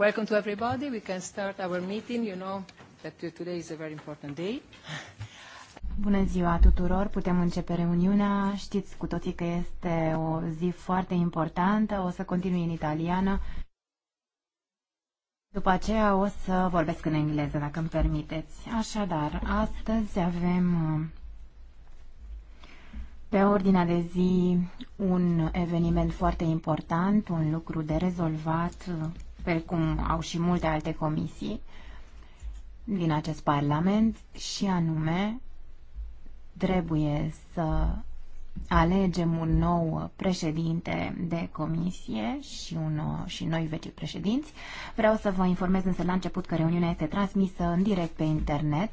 Welcome to everybody. We can start our meeting. You know that today is a very important day. Bună ziua tuturor, putem începe reuniunea. Știți cu toții că este o zi foarte importantă, o să continui în italiană. După aceea o să vorbesc în engleză, dacă îmi permiteți. Așadar, astăzi avem uh, pe ordinea de zi un eveniment foarte important, un lucru de rezolvat uh, precum au și multe alte comisii din acest Parlament, și anume trebuie să alegem un nou președinte de comisie și, un, și noi președinți. Vreau să vă informez însă la început că reuniunea este transmisă în direct pe internet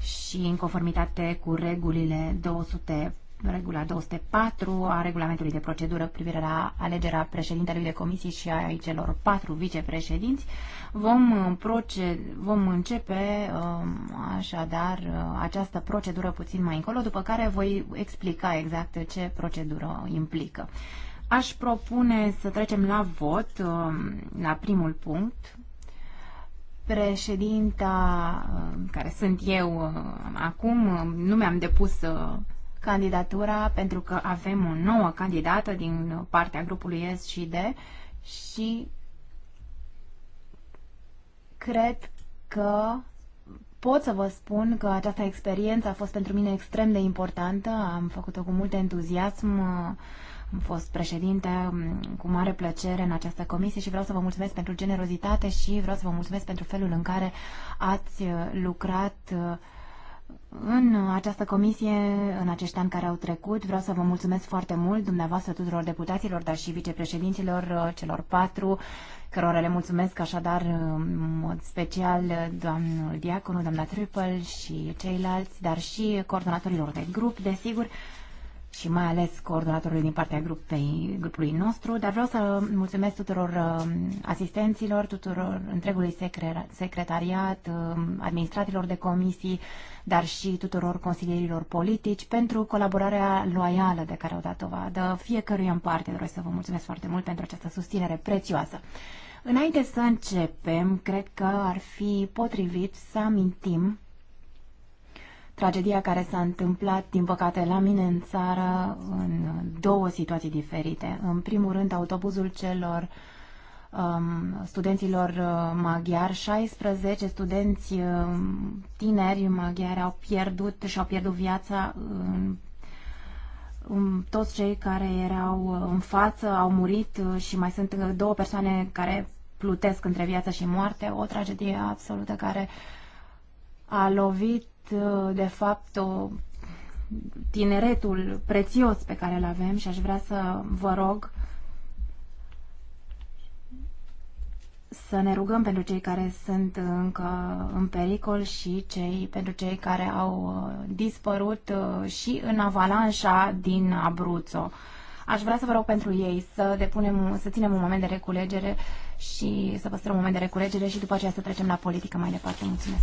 și în conformitate cu regulile 200 regula 204 a regulamentului de procedură cu privire la alegerea președintelui de comisii și a celor patru vicepreședinți, vom, uh, proced, vom începe um, așadar uh, această procedură puțin mai încolo, după care voi explica exact ce procedură implică. Aș propune să trecem la vot, um, la primul punct, președinta uh, care sunt eu acum, nu mi-am depus candidatura pentru că avem o nouă candidată din partea grupului S și D și cred că pot să vă spun că această experiență a fost pentru mine extrem de importantă, am făcut-o cu mult entuziasm, am fost președinte mm, cu mare plăcere în această comisie și vreau să vă mulțumesc pentru generozitate și vreau să vă mulțumesc pentru felul în care ați uh, lucrat uh, în această comisie, în acești ani care au trecut, vreau să vă mulțumesc foarte mult dumneavoastră tuturor deputaților, dar și vicepreședinților uh, celor patru, cărora le mulțumesc așadar uh, în mod special uh, doamnul Diaconu, doamna Trupel și ceilalți, dar și coordonatorilor de grup, desigur și mai ales coordonatorului din partea grupei, grupului nostru, dar vreau să mulțumesc tuturor um, asistenților, tuturor întregului secretariat, um, administratorilor de comisii, dar și tuturor consilierilor politici pentru colaborarea loială de care au dat dovadă fiecărui în parte. Doresc să vă mulțumesc foarte mult pentru această susținere prețioasă. Înainte să începem, cred că ar fi potrivit să amintim tragedia care s-a întâmplat, din păcate, la mine în țară, în două situații diferite. În primul rând, autobuzul celor um, studenților uh, maghiari, 16 studenți um, tineri maghiari au pierdut și au pierdut viața în toți cei care erau uh, în față au murit și mai sunt două persoane care plutesc între viață și moarte, o tragedie absolută care a lovit Uh, de fapt o tineretul prețios pe care îl avem și aș vrea să vă rog să ne rugăm pentru cei care sunt încă în pericol și cei, pentru cei care au uh, dispărut uh, și în avalanșa din Abruzzo. Aș vrea să vă rog pentru ei să depunem, să ținem un moment de reculegere și să păstrăm un moment de reculegere și după aceea să trecem la politică mai departe. Mulțumesc!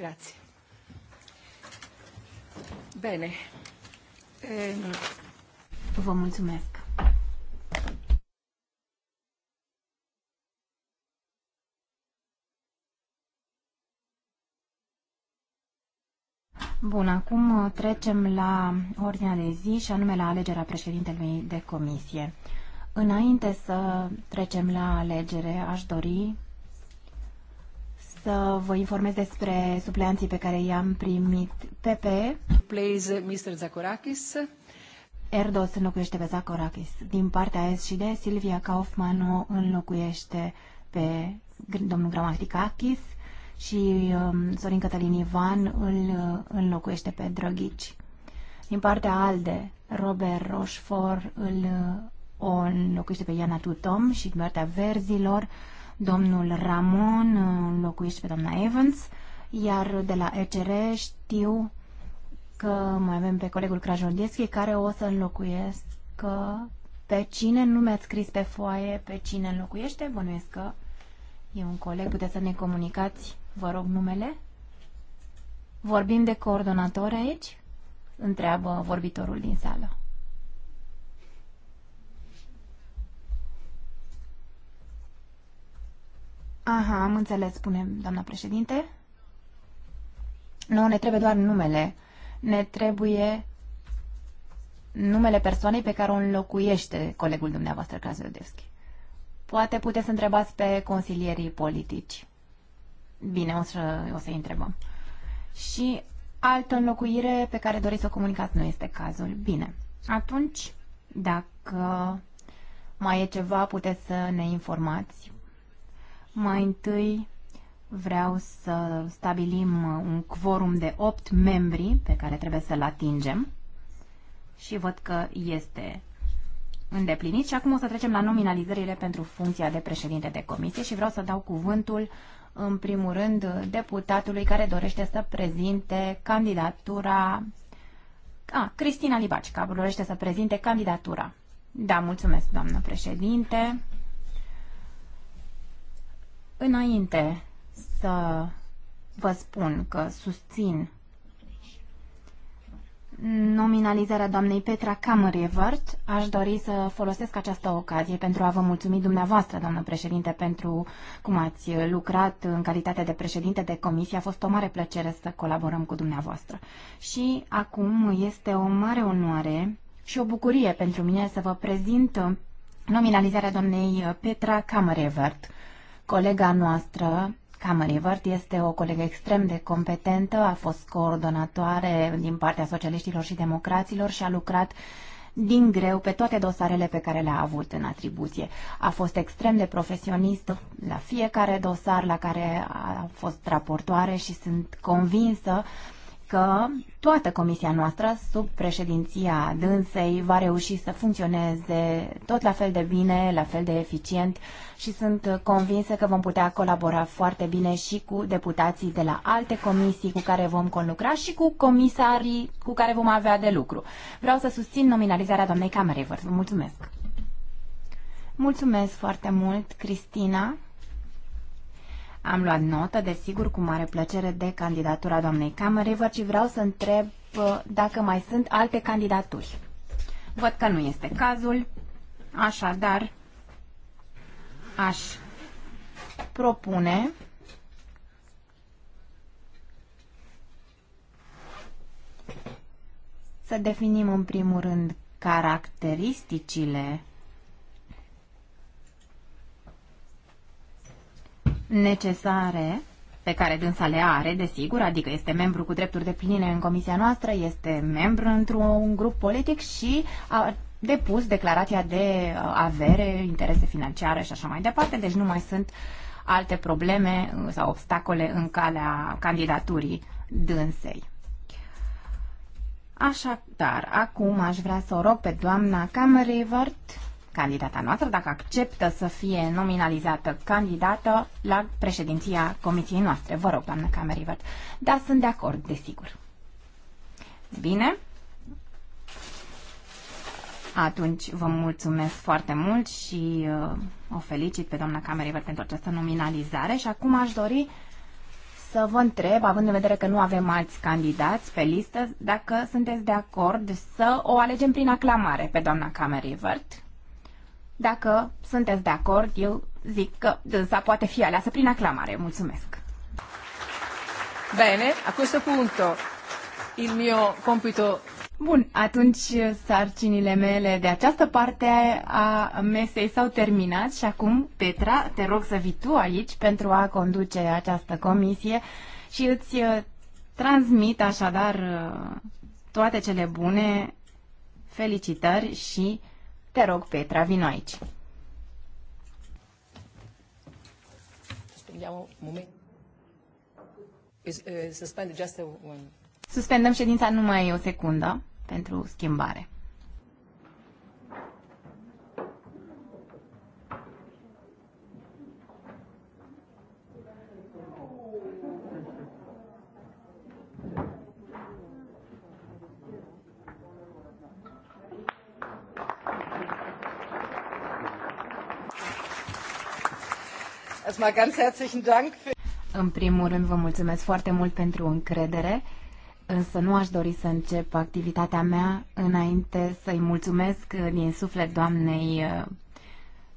Grazie. Bene. E... Ehm, Vă mulțumesc. Bun, acum uh, trecem la ordinea de zi și anume la alegerea președintelui de comisie. Înainte să trecem la alegere, aș dori să vă informez despre supleanții pe care i-am primit. PP. Please, Mr. Zakorakis. Erdos înlocuiește pe Zakorakis. Din partea SCD, Silvia Kaufman o înlocuiește pe domnul Gramaticakis și um, Sorin Cătălin Ivan îl uh, înlocuiește pe Drăghici. Din partea ALDE, Robert Rochefort îl uh, o înlocuiește pe Iana Tutom și din partea Verzilor, uh, Domnul Ramon uh, înlocuiește pe doamna Evans, iar de la ECR știu că mai avem pe colegul Crajordieschi care o să înlocuiesc uh, pe cine nu mi-ați scris pe foaie pe cine înlocuiește, bănuiesc că e un coleg, puteți să ne comunicați, vă rog, numele? Vorbim de coordonator aici? Întreabă vorbitorul din sală. Aha, am înțeles, spune doamna președinte. Nu, ne trebuie doar numele. Ne trebuie numele persoanei pe care o înlocuiește colegul dumneavoastră Krasnodevski. Poate puteți să întrebați pe consilierii politici. Bine, o, să, o să întrebăm. Și altă înlocuire pe care doriți să o comunicați nu este cazul. Bine. Atunci, dacă mai e ceva, puteți să ne informați mai întâi vreau să stabilim un quorum de 8 membri pe care trebuie să-l atingem și văd că este îndeplinit și acum o să trecem la nominalizările pentru funcția de președinte de comisie și vreau să dau cuvântul în primul rând deputatului care dorește să prezinte candidatura a, Cristina Libaci, care dorește să prezinte candidatura. Da, mulțumesc, doamnă președinte. Înainte să vă spun că susțin nominalizarea doamnei Petra Kammerevert, aș dori să folosesc această ocazie pentru a vă mulțumi dumneavoastră, doamnă președinte, pentru cum ați lucrat în calitate de președinte de comisie. A fost o mare plăcere să colaborăm cu dumneavoastră. Și acum este o mare onoare și o bucurie pentru mine să vă prezint nominalizarea doamnei Petra Kammerevert Colega noastră, Camerivert, este o colegă extrem de competentă, a fost coordonatoare din partea socialiștilor și democraților și a lucrat din greu pe toate dosarele pe care le-a avut în atribuție. A fost extrem de profesionist la fiecare dosar la care a fost raportoare și sunt convinsă uh, că toată comisia noastră, sub președinția dânsei, va reuși să funcționeze tot la fel de bine, la fel de eficient și sunt convinsă că vom putea colabora foarte bine și cu deputații de la alte comisii cu care vom conlucra și cu comisarii cu care vom avea de lucru. Vreau să susțin nominalizarea doamnei Camerei. Vă mulțumesc! Mulțumesc foarte mult, Cristina! Am luat notă, desigur, cu mare plăcere de candidatura doamnei Cameriver și vreau să întreb uh, dacă mai sunt alte candidaturi. Văd că nu este cazul, așadar aș propune să definim în primul rând caracteristicile necesare pe care dânsa le are, desigur, adică este membru cu drepturi de pline în comisia noastră, este membru într-un grup politic și a depus declarația de uh, avere, interese financiare și așa mai departe, deci nu mai sunt alte probleme uh, sau obstacole în calea candidaturii dânsei. Așadar, acum aș vrea să o rog pe doamna Camerivert candidata noastră, dacă acceptă să fie nominalizată candidată la președinția comisiei noastre. Vă rog, doamnă Camerivert. Da, sunt de acord, desigur. Bine. Atunci vă mulțumesc foarte mult și uh, o felicit pe doamna Camerivert pentru această nominalizare și acum aș dori să vă întreb, având în vedere că nu avem alți candidați pe listă, dacă sunteți de acord să o alegem prin aclamare pe doamna Camerivert. Dacă sunteți de acord, eu zic că dânsa poate fi aleasă prin aclamare. Mulțumesc! Bine, a questo punto il mio compito... Bun, atunci sarcinile mele de această parte a mesei s-au terminat și acum, Petra, te rog să vii tu aici pentru a conduce această comisie și îți uh, transmit așadar uh, toate cele bune, felicitări și te rog, Petra, vino aici. Uh, Suspendăm ședința numai o secundă pentru schimbare. În primul rând, vă mulțumesc foarte mult pentru încredere, însă nu aș dori să încep activitatea mea înainte să-i mulțumesc uh, din suflet doamnei uh,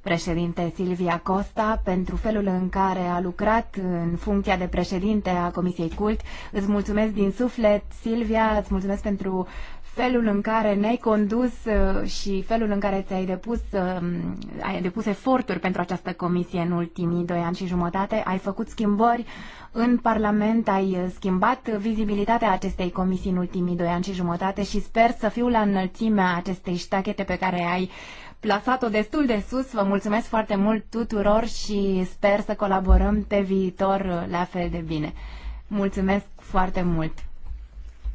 președinte Silvia Costa pentru felul în care a lucrat în funcția de președinte a Comisiei Cult. Îți mulțumesc din suflet, Silvia, îți mulțumesc pentru felul în care ne-ai condus uh, și felul în care ți-ai depus, um, ai depus eforturi pentru această comisie în ultimii doi ani și jumătate. Ai făcut schimbări în Parlament, ai uh, schimbat vizibilitatea acestei comisii în ultimii doi ani și jumătate și sper să fiu la înălțimea acestei ștachete pe care ai plasat-o destul de sus. Vă mulțumesc foarte mult tuturor și sper să colaborăm pe viitor uh, la fel de bine. Mulțumesc foarte mult!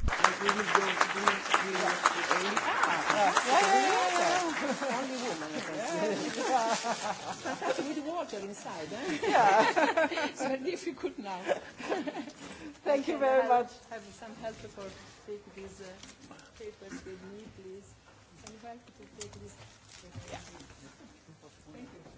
Only woman, I with water inside, eh? Yeah. it's very difficult now. Thank you very much. Have some help for take these uh, papers with me, please. Can you help to take this? Yeah. Thank you.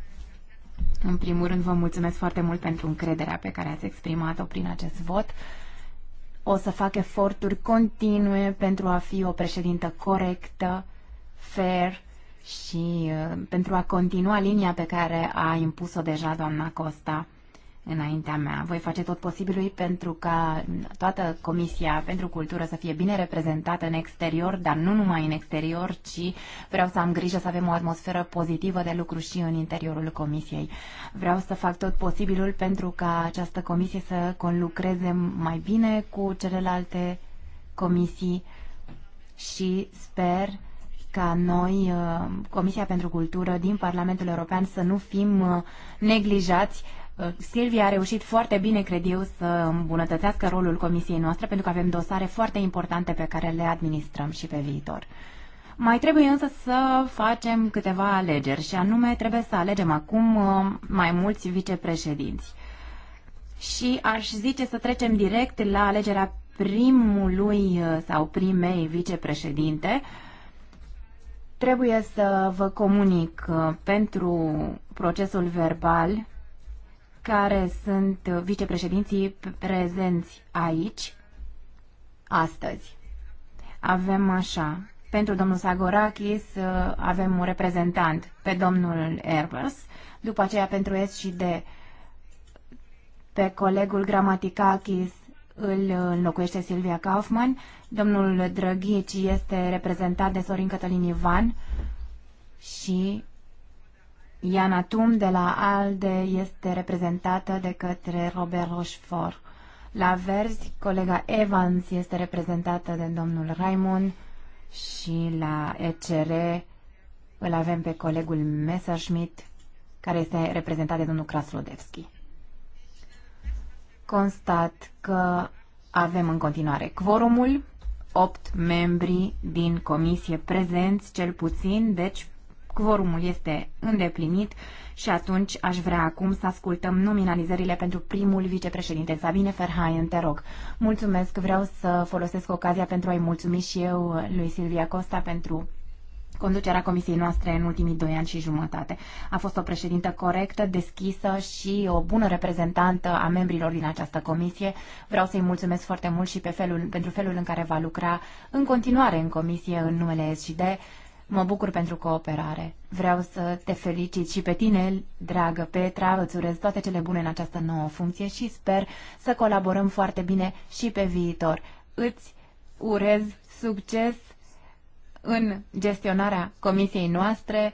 În primul rând, vă mulțumesc foarte mult pentru încrederea pe care ați exprimat-o prin acest vot. O să fac eforturi continue pentru a fi o președintă corectă, fair și uh, pentru a continua linia pe care a impus-o deja doamna Costa înaintea mea. Voi face tot posibilul pentru ca toată Comisia pentru Cultură să fie bine reprezentată în exterior, dar nu numai în exterior, ci vreau să am grijă să avem o atmosferă pozitivă de lucru și în interiorul Comisiei. Vreau să fac tot posibilul pentru ca această comisie să conlucreze mai bine cu celelalte comisii și sper ca noi, uh, Comisia pentru Cultură din Parlamentul European, să nu fim uh, neglijați Uh, Silvia a reușit foarte bine, cred eu, să îmbunătățească rolul comisiei noastre, pentru că avem dosare foarte importante pe care le administrăm și pe viitor. Mai trebuie însă să facem câteva alegeri și anume trebuie să alegem acum uh, mai mulți vicepreședinți. Și aș zice să trecem direct la alegerea primului uh, sau primei vicepreședinte. Trebuie să vă comunic pentru procesul verbal care sunt vicepreședinții prezenți aici astăzi. Avem așa, pentru domnul Sagorakis uh, avem un reprezentant pe domnul Erbers, după aceea pentru S și D pe colegul Gramaticakis îl înlocuiește Silvia Kaufman, domnul Drăghici este reprezentat de Sorin Cătălin Ivan și Iana Tum de la ALDE este reprezentată de către Robert Rochefort. La Verzi, colega Evans este reprezentată de domnul Raimond și la ECR îl avem pe colegul Messerschmidt, care este reprezentat de domnul Kraslodevski. Constat că avem în continuare quorumul, 8 membri din comisie prezenți, cel puțin, deci Quorumul este îndeplinit și atunci aș vrea acum să ascultăm nominalizările pentru primul vicepreședinte. Sabine Ferhaien, te rog. Mulțumesc, vreau să folosesc ocazia pentru a-i mulțumi și eu lui Silvia Costa pentru conducerea comisiei noastre în ultimii doi ani și jumătate. A fost o președintă corectă, deschisă și o bună reprezentantă a membrilor din această comisie. Vreau să-i mulțumesc foarte mult și pe felul, pentru felul în care va lucra în continuare în comisie în numele SGD. Mă bucur pentru cooperare. Vreau să te felicit și pe tine, dragă Petra, îți urez toate cele bune în această nouă funcție și sper să colaborăm foarte bine și pe viitor. Îți urez succes în gestionarea comisiei noastre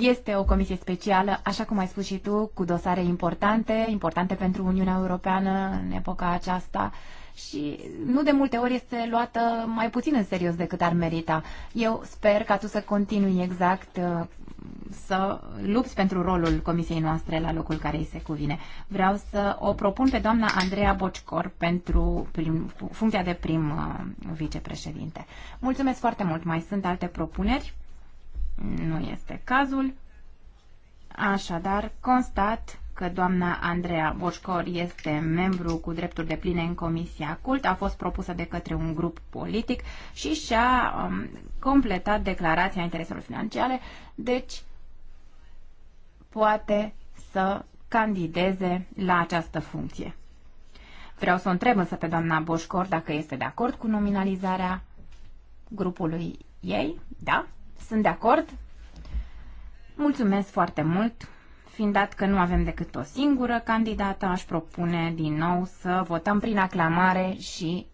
este o comisie specială, așa cum ai spus și tu, cu dosare importante, importante pentru Uniunea Europeană în epoca aceasta și nu de multe ori este luată mai puțin în serios decât ar merita. Eu sper ca tu să continui exact uh, să lupți pentru rolul comisiei noastre la locul care îi se cuvine. Vreau să o propun pe doamna Andreea Bocicor pentru prim, funcția de prim uh, vicepreședinte. Mulțumesc foarte mult. Mai sunt alte propuneri? Nu este cazul. Așadar, constat că doamna Andreea Boșcor este membru cu drepturi de pline în Comisia Cult, a fost propusă de către un grup politic și și-a um, completat declarația intereselor financiare, deci poate să candideze la această funcție. Vreau să o întreb însă pe doamna Boșcor dacă este de acord cu nominalizarea grupului ei, da? Sunt de acord. Mulțumesc foarte mult. Fiind dat că nu avem decât o singură candidată, aș propune din nou să votăm prin aclamare și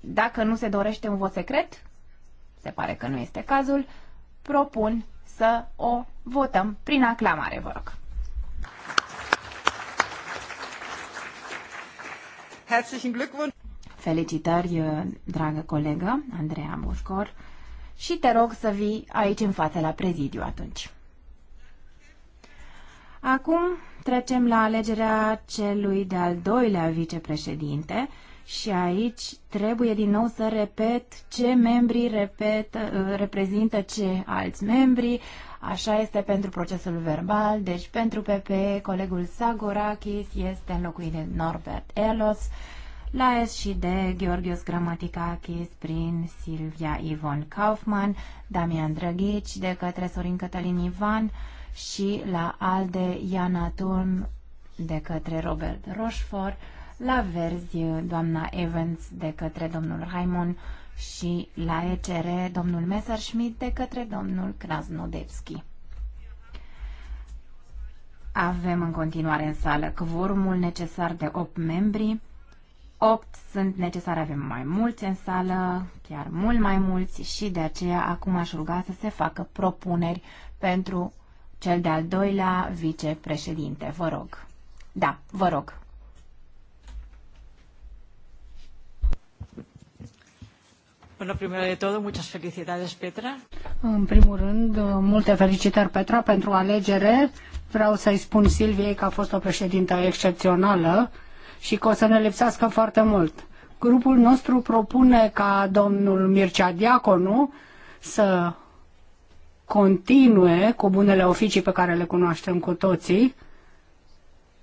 dacă nu se dorește un vot secret, se pare că nu este cazul, propun să o votăm prin aclamare, vă rog. Herzlichen Glückwunsch! Felicitări, uh, dragă colegă, Andreea Mușcor, și te rog să vii aici în fața la prezidiu atunci. Acum trecem la alegerea celui de-al doilea vicepreședinte și aici trebuie din nou să repet ce membri repet, uh, reprezintă ce alți membri. Așa este pentru procesul verbal, deci pentru PP colegul Sagorakis este înlocuit de Norbert Elos, la S și D, Gheorghios Gramaticakis prin Silvia Ivon Kaufman, Damian Drăghici de către Sorin Cătălin Ivan și la ALDE Iana Turn de către Robert Rochefort, la Verzi doamna Evans de către domnul Raimon și la ECR domnul Messerschmidt de către domnul Krasnodevski. Avem în continuare în sală cvorumul necesar de 8 membri 8 sunt necesare, avem mai mulți în sală, chiar mult mai mulți și de aceea acum aș ruga să se facă propuneri pentru cel de-al doilea vicepreședinte. Vă rog. Da, vă rog. Bueno, primero de todo, muchas felicidades, Petra. În primul rând, multe felicitări, Petra, pentru alegere. Vreau să-i spun Silviei că a fost o președintă excepțională și că o să ne lipsească foarte mult. Grupul nostru propune ca domnul Mircea Diaconu să continue cu bunele oficii pe care le cunoaștem cu toții.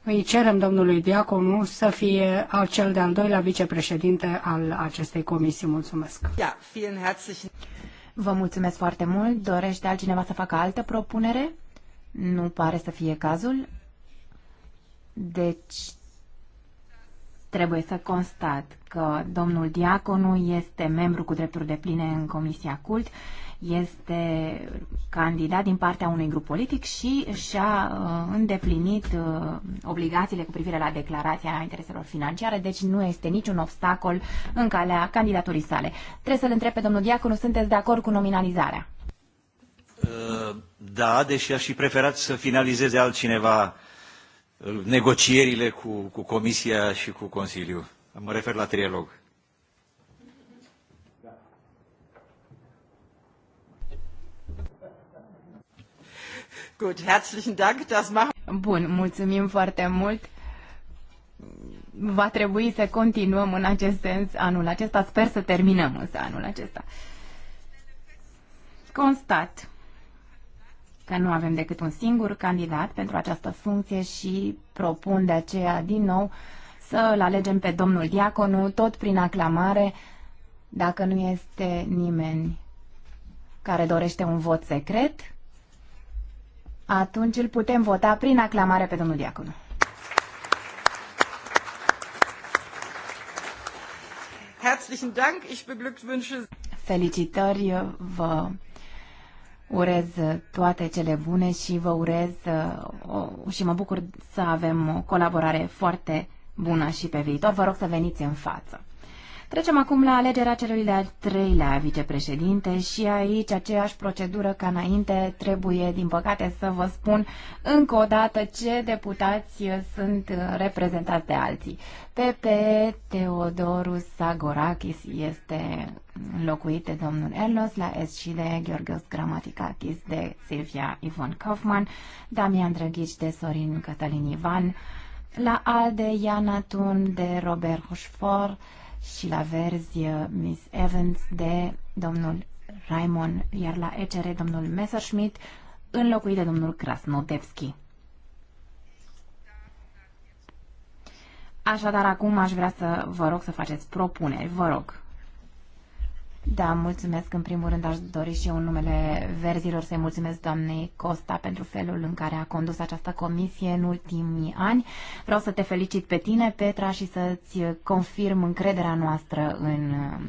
Îi cerem domnului Diaconu să fie cel de-al doilea vicepreședinte al acestei comisii. Mulțumesc! Vă mulțumesc foarte mult. Dorește altcineva să facă altă propunere? Nu pare să fie cazul. Deci trebuie să constat că domnul Diaconu este membru cu drepturi de pline în Comisia Cult, este candidat din partea unui grup politic și și-a uh, îndeplinit uh, obligațiile cu privire la declarația intereselor financiare, deci nu este niciun obstacol în calea candidaturii sale. Trebuie să-l întreb pe domnul Diaconu, sunteți de acord cu nominalizarea? Uh, da, deși aș fi preferat să finalizeze altcineva uh, negocierile cu, cu Comisia și cu Consiliu. Mă refer la trilog. Bun, mulțumim foarte mult. Va trebui să continuăm în acest sens anul acesta. Sper să terminăm însă anul acesta. Constat că nu avem decât un singur candidat pentru această funcție și propun de aceea din nou să-l alegem pe domnul Diaconu, tot prin aclamare, dacă nu este nimeni care dorește un vot secret, atunci îl putem vota prin aclamare pe domnul Diaconu. Herzlichen Dank, ich beglückwünsche. Felicitări, vă urez uh, toate cele bune și vă urez uh, o, și mă bucur să avem o colaborare foarte bună și pe viitor. Vă rog să veniți în față. Trecem acum la alegerea celui de-al treilea vicepreședinte și aici aceeași procedură ca înainte trebuie, din păcate, să vă spun încă o dată ce deputați sunt reprezentați de alții. PP Teodorus Sagorakis este înlocuit de domnul Erlos la S și de Gheorghios Gramaticakis de Silvia Ivon Kaufman, Damian Drăghici de Sorin Cătălin Ivan, la A de Iana Tun de Robert Rochefort, și la Verzi uh, Miss Evans de domnul Raymond, iar la ECR domnul Messerschmidt, înlocuit de domnul Krasnodevski. Așadar, acum aș vrea să vă rog să faceți propuneri, vă rog. Da, mulțumesc. În primul rând aș dori și eu în numele verzilor să-i mulțumesc doamnei Costa pentru felul în care a condus această comisie în ultimii ani. Vreau să te felicit pe tine, Petra, și să-ți confirm încrederea noastră în uh,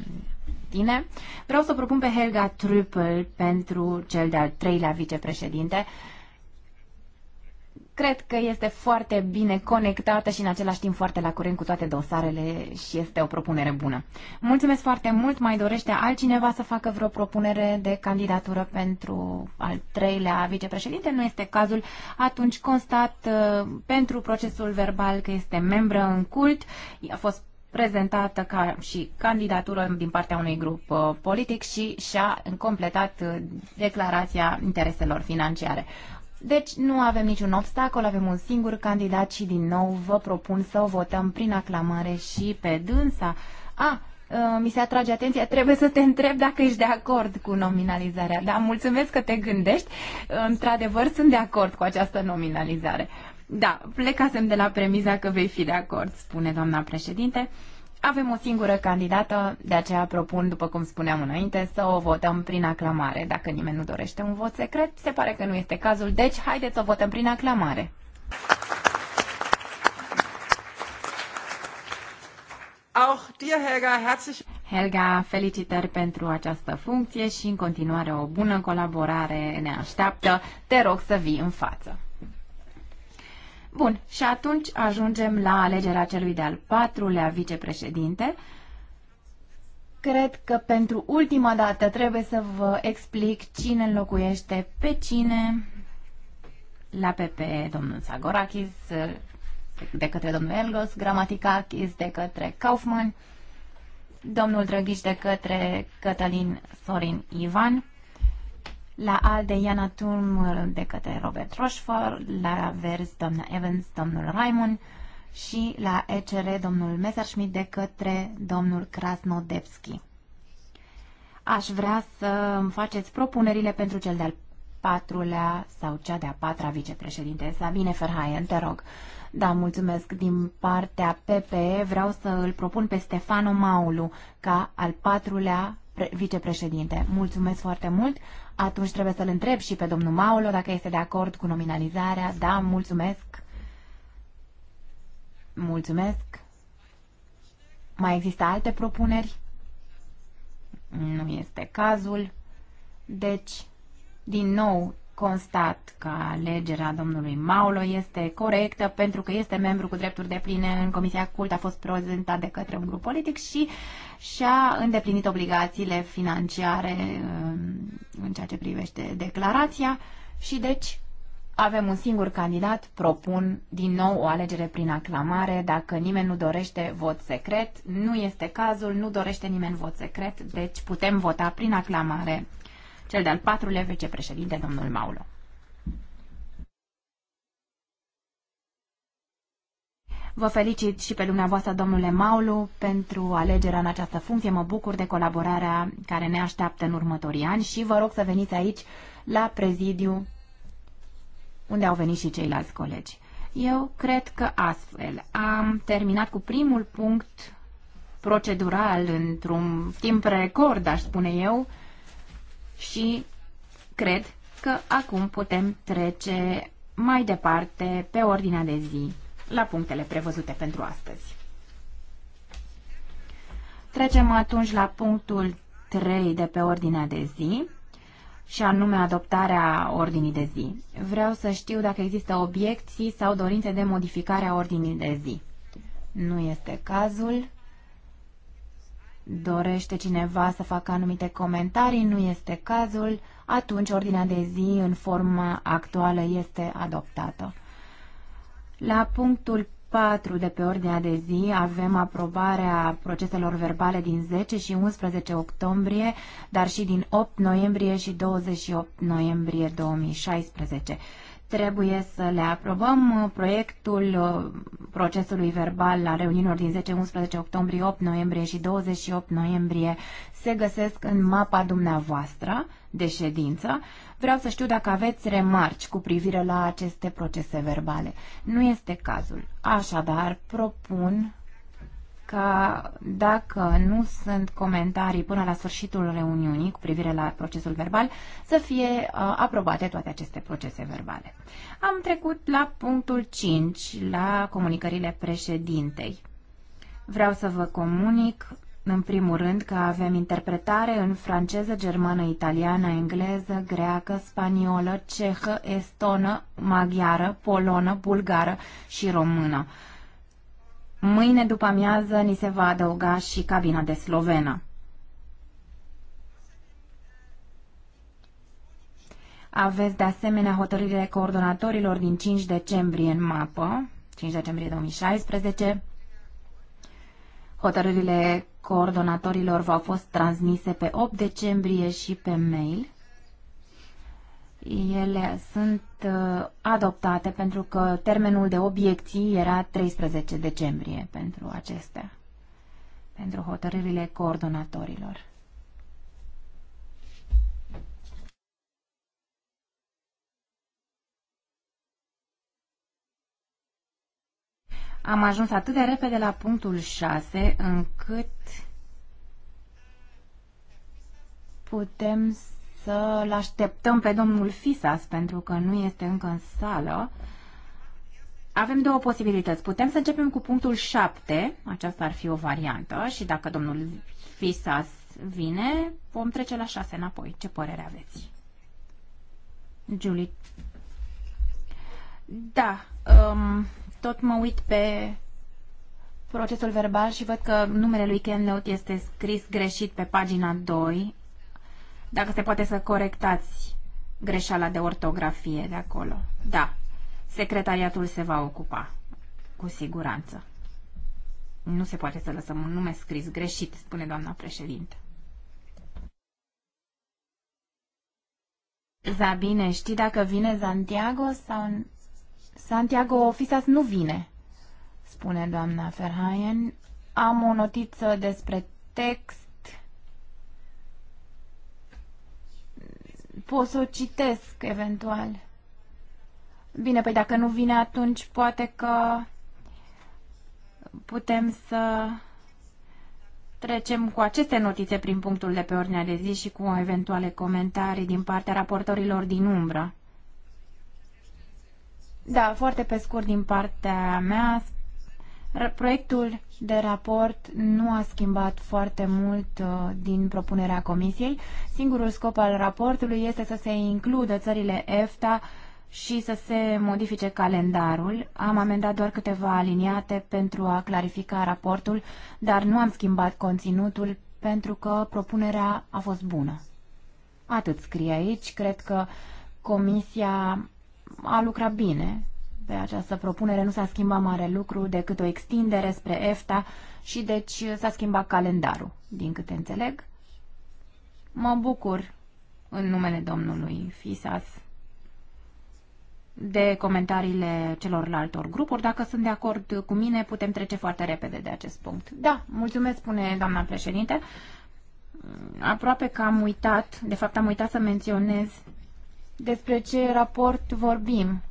tine. Vreau să propun pe Helga Trüppel pentru cel de-al treilea vicepreședinte. Uh, cred că este foarte bine conectată și în același timp foarte la curent cu toate dosarele și este o propunere bună. Mulțumesc foarte mult. Mai dorește altcineva să facă vreo propunere de candidatură pentru al treilea vicepreședinte? Nu este cazul. Atunci constat uh, pentru procesul verbal că este membră în cult. A fost prezentată ca și candidatură din partea unui grup uh, politic și și-a completat uh, declarația intereselor financiare. Deci nu avem niciun obstacol, avem un singur candidat și din nou vă propun să o votăm prin aclamare și pe dânsa. A, ă, mi se atrage atenția, trebuie să te întreb dacă ești de acord cu nominalizarea. Da, mulțumesc că te gândești. Ă, într-adevăr, sunt de acord cu această nominalizare. Da, plecasem de la premiza că vei fi de acord, spune doamna președinte. Avem o singură candidată, de aceea propun, după cum spuneam înainte, să o votăm prin aclamare. Dacă nimeni nu dorește un vot secret, se pare că nu este cazul, deci haideți să o votăm prin aclamare. Auch dir, Helga, herzlich... Helga, felicitări pentru această funcție și în continuare o bună colaborare ne așteaptă. Te rog să vii în față. Bun, și atunci ajungem la alegerea celui de-al patrulea vicepreședinte. Cred că pentru ultima dată trebuie să vă explic cine înlocuiește pe cine la PP, domnul Sagorakis, de către domnul Elgos, Gramaticakis de către Kaufman, domnul Drăghiș de către Cătălin Sorin Ivan, la de Iana Turm de către Robert Rochefort, la Vers doamna Evans, domnul Raimund și la ECR domnul Messerschmidt de către domnul Krasnodebski. Aș vrea să îmi faceți propunerile pentru cel de-al patrulea sau cea de-a patra vicepreședinte. Sabine Ferhaien, te rog. Da, mulțumesc. Din partea PPE vreau să îl propun pe Stefano Maulu ca al patrulea vicepreședinte. Mulțumesc foarte mult atunci trebuie să-l întreb și pe domnul Maulo dacă este de acord cu nominalizarea. Da, mulțumesc. Mulțumesc. Mai există alte propuneri? Nu este cazul. Deci, din nou, constat că alegerea domnului Maulo este corectă pentru că este membru cu drepturi de pline în Comisia Cult, a fost prezentat de către un grup politic și și-a îndeplinit obligațiile financiare um, în ceea ce privește declarația și deci avem un singur candidat, propun din nou o alegere prin aclamare. Dacă nimeni nu dorește vot secret, nu este cazul, nu dorește nimeni vot secret, deci putem vota prin aclamare cel de-al patrulea vicepreședinte, domnul Maulo. Vă felicit și pe dumneavoastră, domnule Maulu, pentru alegerea în această funcție. Mă bucur de colaborarea care ne așteaptă în următorii ani și vă rog să veniți aici la prezidiu unde au venit și ceilalți colegi. Eu cred că astfel am terminat cu primul punct procedural într-un timp record, aș spune eu, și cred că acum putem trece mai departe pe ordinea de zi la punctele prevăzute pentru astăzi. Trecem atunci la punctul 3 de pe ordinea de zi și anume adoptarea ordinii de zi. Vreau să știu dacă există obiecții sau dorințe de modificare a ordinii de zi. Nu este cazul. Dorește cineva să facă anumite comentarii? Nu este cazul. Atunci ordinea de zi în forma actuală este adoptată. La punctul 4 de pe ordinea de zi avem aprobarea proceselor verbale din 10 și 11 octombrie, dar și din 8 noiembrie și 28 noiembrie 2016 trebuie să le aprobăm. Proiectul uh, procesului verbal la reuniunilor din 10-11 octombrie, 8 noiembrie și 28 noiembrie se găsesc în mapa dumneavoastră de ședință. Vreau să știu dacă aveți remarci cu privire la aceste procese verbale. Nu este cazul. Așadar, propun că dacă nu sunt comentarii până la sfârșitul reuniunii cu privire la procesul verbal, să fie uh, aprobate toate aceste procese verbale. Am trecut la punctul 5, la comunicările președintei. Vreau să vă comunic, în primul rând, că avem interpretare în franceză, germană, italiană, engleză, greacă, spaniolă, cehă, estonă, maghiară, polonă, bulgară și română. Uh, Mâine după amiază ni se va adăuga și cabina de slovenă. Aveți de asemenea hotărârile coordonatorilor din 5 decembrie în mapă, 5 decembrie 2016. Hotărârile coordonatorilor v-au fost transmise pe 8 decembrie și pe mail ele sunt uh, adoptate pentru că termenul de obiecții era 13 decembrie pentru acestea, pentru hotărârile coordonatorilor. Am ajuns atât de repede la punctul 6 încât putem să-l așteptăm pe domnul Fisas, pentru că nu este încă în sală. Avem două posibilități. Putem să începem cu punctul 7, aceasta ar fi o variantă, și dacă domnul Fisas vine, vom trece la 6 înapoi. Ce părere aveți? Julie. Da, um, tot mă uit pe procesul verbal și văd că numele lui Ken Leot este scris greșit pe pagina 2 dacă se poate să corectați greșeala de ortografie de acolo. Da, secretariatul se va ocupa, cu siguranță. Nu se poate să lăsăm un nume scris greșit, spune doamna președinte. Zabine, știi dacă vine Santiago sau... Santiago Ofisas nu vine, spune doamna Ferhaien. Am o notiță despre text pot să o citesc eventual. Bine, păi dacă nu vine atunci, poate că putem să trecem cu aceste notițe prin punctul de pe ordinea de zi și cu eventuale comentarii din partea raportorilor din umbră. Da, foarte pe scurt din partea mea, Proiectul de raport nu a schimbat foarte mult uh, din propunerea Comisiei. Singurul scop al raportului este să se includă țările EFTA și să se modifice calendarul. Am amendat doar câteva aliniate pentru a clarifica raportul, dar nu am schimbat conținutul pentru că propunerea a fost bună. Atât scrie aici, cred că Comisia a lucrat bine pe această propunere nu s-a schimbat mare lucru decât o extindere spre EFTA și deci s-a schimbat calendarul, din câte înțeleg. Mă bucur în numele domnului Fisas de comentariile celorlaltor grupuri. Dacă sunt de acord cu mine, putem trece foarte repede de acest punct. Da, mulțumesc, spune doamna președinte. Aproape că am uitat, de fapt am uitat să menționez despre ce raport vorbim.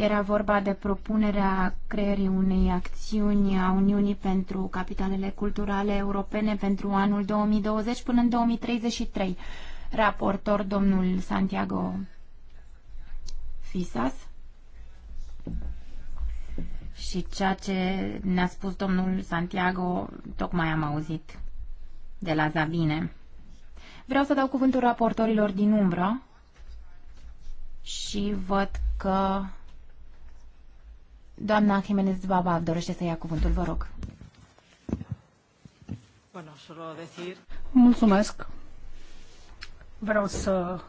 Era vorba de propunerea creării unei acțiuni a Uniunii pentru capitalele culturale europene pentru anul 2020 până în 2033. Raportor domnul Santiago Fisas. Și ceea ce ne-a spus domnul Santiago, tocmai am auzit de la Zabine. Vreau să dau cuvântul raportorilor din umbră și văd că Doamna Jimenez Baba dorește să ia cuvântul, vă rog. Mulțumesc. Vreau să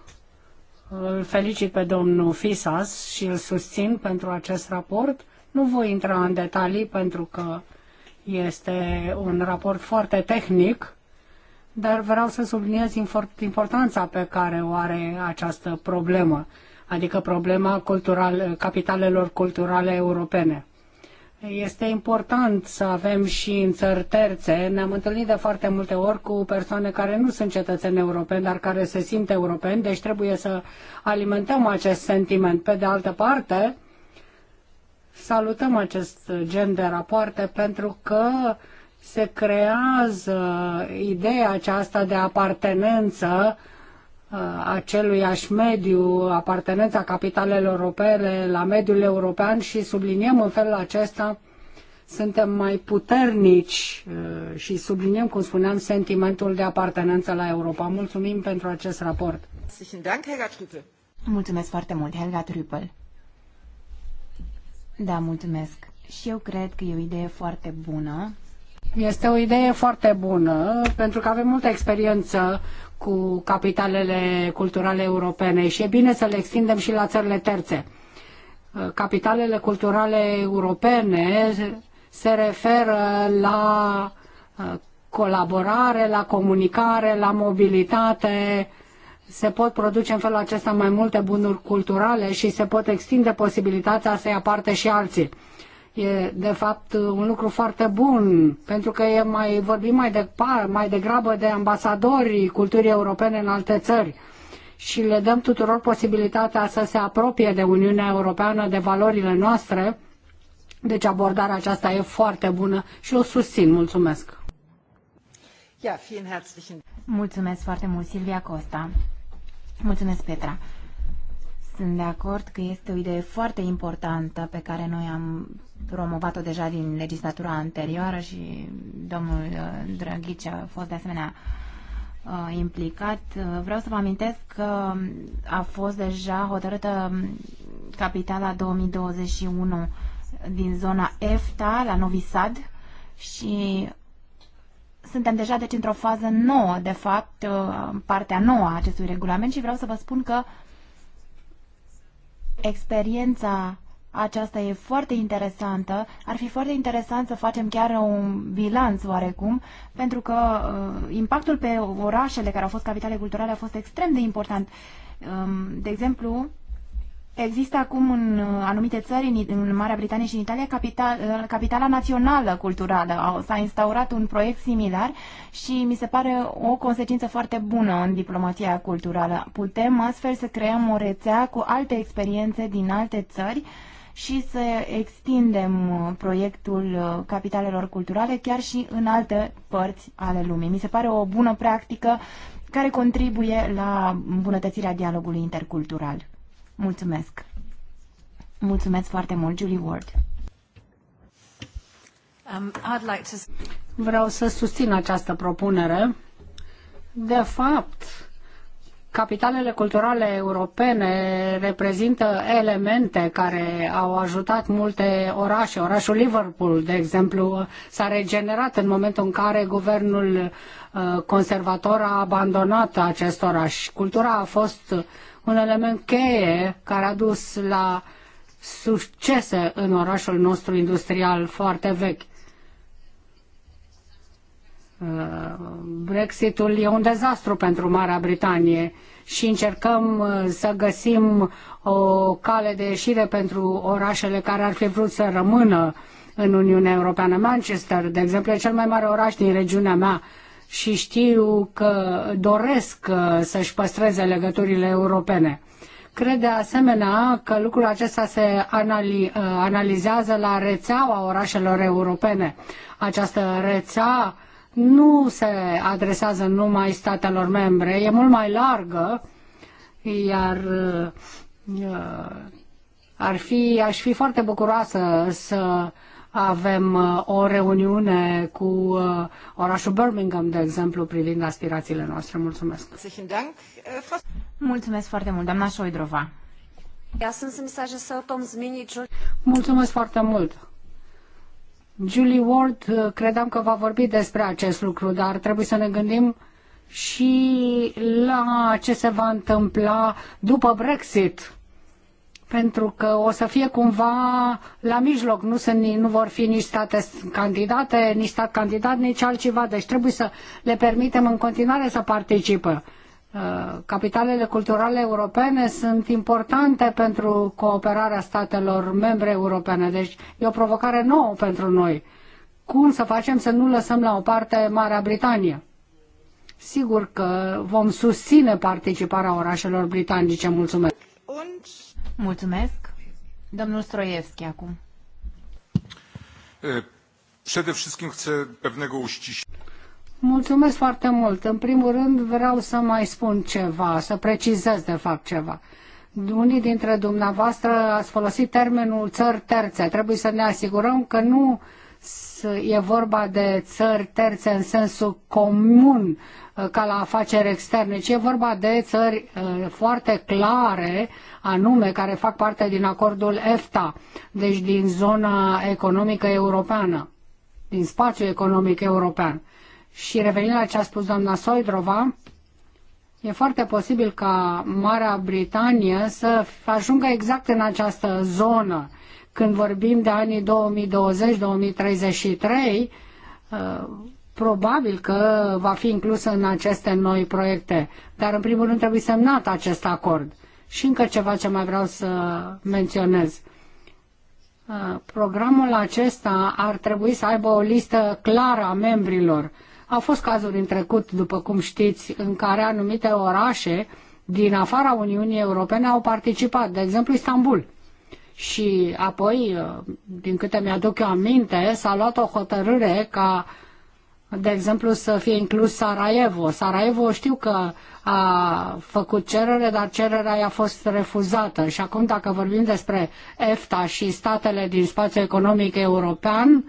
îl felicit pe domnul Fisas și îl susțin pentru acest raport. Nu voi intra în detalii pentru că este un raport foarte tehnic, dar vreau să subliniez importanța pe care o are această problemă adică problema cultural, capitalelor culturale europene. Este important să avem și în țări terțe. Ne-am întâlnit de foarte multe ori cu persoane care nu sunt cetățeni europeni, dar care se simt europeni, deci trebuie să alimentăm acest sentiment. Pe de altă parte, salutăm acest gen de rapoarte pentru că se creează ideea aceasta de apartenență uh, Uh, aceluiași mediu, apartenența capitalelor europene la mediul european și subliniem în felul acesta suntem mai puternici uh, și subliniem, cum spuneam, sentimentul de apartenență la Europa. Mulțumim pentru acest raport. Mulțumesc foarte mult, Helga Trüppel. Da, mulțumesc. Și eu cred că e o idee foarte bună este o idee foarte bună, pentru că avem multă experiență cu capitalele culturale europene și e bine să le extindem și la țările terțe. Capitalele culturale europene se referă la uh, colaborare, la comunicare, la mobilitate. Se pot produce în felul acesta mai multe bunuri culturale și se pot extinde posibilitatea să i aparte și alții e de fapt un lucru foarte bun, pentru că e mai, vorbim mai, de, mai degrabă de ambasadorii culturii europene în alte țări și le dăm tuturor posibilitatea să se apropie de Uniunea Europeană, de valorile noastre. Deci abordarea aceasta e foarte bună și o susțin. Mulțumesc! Mulțumesc foarte mult, Silvia Costa. Mulțumesc, Petra. Sunt de acord că este o idee foarte importantă pe care noi am promovat-o deja din legislatura anterioară și domnul uh, Drăghici a fost de asemenea uh, implicat. Uh, vreau să vă amintesc că a fost deja hotărâtă capitala 2021 din zona EFTA la Novi Sad și suntem deja deci într-o fază nouă, de fapt, partea nouă a acestui regulament și vreau să vă spun că experiența aceasta e foarte interesantă. Ar fi foarte interesant să facem chiar un bilanț oarecum, pentru că uh, impactul pe orașele care au fost capitale culturale a fost extrem de important. Um, de exemplu, Există acum în uh, anumite țări, în Marea Britanie și în Italia, capital, uh, capitala națională culturală. S-a instaurat un proiect similar și mi se pare o consecință foarte bună în diplomația culturală. Putem astfel să creăm o rețea cu alte experiențe din alte țări și să extindem uh, proiectul capitalelor culturale chiar și în alte părți ale lumii. Mi se pare o bună practică care contribuie la îmbunătățirea dialogului intercultural. Mulțumesc! Mulțumesc foarte mult, Julie Ward! Um, Vreau să susțin această propunere. De fapt, capitalele culturale europene reprezintă elemente care au ajutat multe orașe. Orașul Liverpool, de exemplu, s-a regenerat în momentul în care guvernul uh, conservator a abandonat acest oraș. Cultura a fost un element cheie care a dus la succese în orașul nostru industrial foarte vechi. Uh, Brexitul e un dezastru pentru Marea Britanie și încercăm uh, să găsim o cale de ieșire pentru orașele care ar fi vrut să rămână în Uniunea Europeană. Manchester, de exemplu, e cel mai mare oraș din regiunea mea și știu că doresc uh, să-și păstreze legăturile europene. Cred de asemenea că lucrul acesta se uh, analizează la rețeaua orașelor europene. Această rețea nu se adresează numai statelor membre, e mult mai largă, iar uh, ar fi, aș fi foarte bucuroasă să avem uh, o reuniune cu uh, orașul Birmingham, de exemplu, privind aspirațiile noastre. Mulțumesc! Mulțumesc foarte mult, doamna Șoidrova! Mulțumesc foarte mult! Julie Ward, uh, credeam că va vorbi despre acest lucru, dar trebuie să ne gândim și la ce se va întâmpla după Brexit pentru că o să fie cumva la mijloc, nu, sunt, nu vor fi nici state candidate, nici stat candidat, nici altceva, deci trebuie să le permitem în continuare să participă. Uh, capitalele culturale europene sunt importante pentru cooperarea statelor membre europene, deci e o provocare nouă pentru noi. Cum să facem să nu lăsăm la o parte Marea Britanie? Sigur că vom susține participarea orașelor britanice. Mulțumesc! Und... Mulțumesc. Domnul Stroievski acum. Przede wszystkim chcę pewnego Mulțumesc foarte mult. În primul rând vreau să mai spun ceva, să precizez de fapt ceva. Unii dintre dumneavoastră ați folosit termenul țări terțe. Trebuie să ne asigurăm că nu uh, e vorba de țări terțe în sensul comun uh, ca la afaceri externe, ci e vorba de țări uh, foarte clare, anume, care fac parte din acordul EFTA, deci din zona economică europeană, din spațiul economic european. Și revenind la ce a spus doamna Soidrova, e foarte posibil ca Marea Britanie să ajungă exact în această zonă, când vorbim de anii 2020-2033, uh, probabil că va fi inclus în aceste noi proiecte. Dar, în primul rând, trebuie semnat acest acord. Și încă ceva ce mai vreau să menționez. Uh, programul acesta ar trebui să aibă o listă clară a membrilor. Au fost cazuri în trecut, după cum știți, în care anumite orașe din afara Uniunii Europene au participat, de exemplu Istanbul și apoi, uh, din câte mi-aduc eu aminte, s-a luat o hotărâre ca, de exemplu, să fie inclus Sarajevo. Sarajevo știu că a făcut cerere, dar cererea i-a fost refuzată. Și acum, dacă vorbim despre EFTA și statele din spațiul economic european,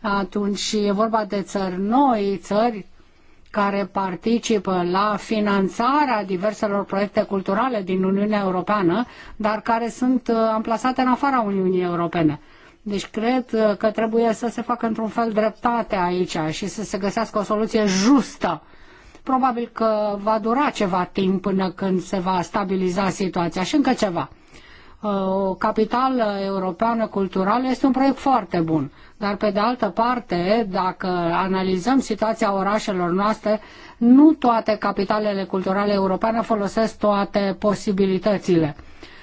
atunci e vorba de țări noi, țări care participă la finanțarea diverselor proiecte culturale din Uniunea Europeană, dar care sunt uh, amplasate în afara Uniunii Europene. Deci cred uh, că trebuie să se facă într-un fel dreptate aici și să se găsească o soluție justă. Probabil că va dura ceva timp până când se va stabiliza situația și încă ceva. Capital uh, capitală europeană culturală este un proiect foarte bun. Dar pe de altă parte, dacă analizăm situația orașelor noastre, nu toate capitalele culturale europene folosesc toate posibilitățile.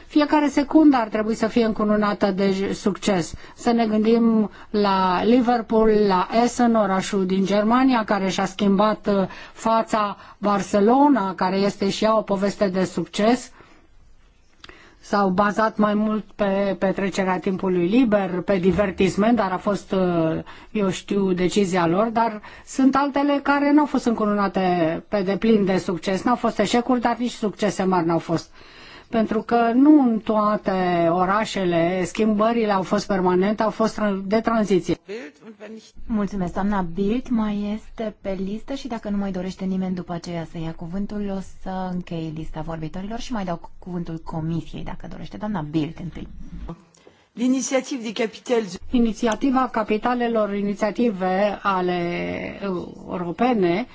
Fiecare secundă ar trebui să fie încununată de succes. Să ne gândim la Liverpool, la Essen, orașul din Germania, care și-a schimbat uh, fața Barcelona, care este și ea o poveste de succes s-au bazat mai mult pe petrecerea timpului liber, pe divertisment, dar a fost, uh, eu știu, decizia lor, dar sunt altele care nu au fost încununate pe deplin de succes. N-au fost eșecuri, dar nici succese mari n-au fost pentru că nu în toate orașele schimbările au fost permanente, au fost de tranziție. Mulțumesc, doamna Bild mai este pe listă și dacă nu mai dorește nimeni după aceea să ia cuvântul, o să închei lista vorbitorilor și mai dau cuvântul comisiei dacă dorește. Doamna Bild întâi. Inițiativa capitalelor inițiative ale uh, europene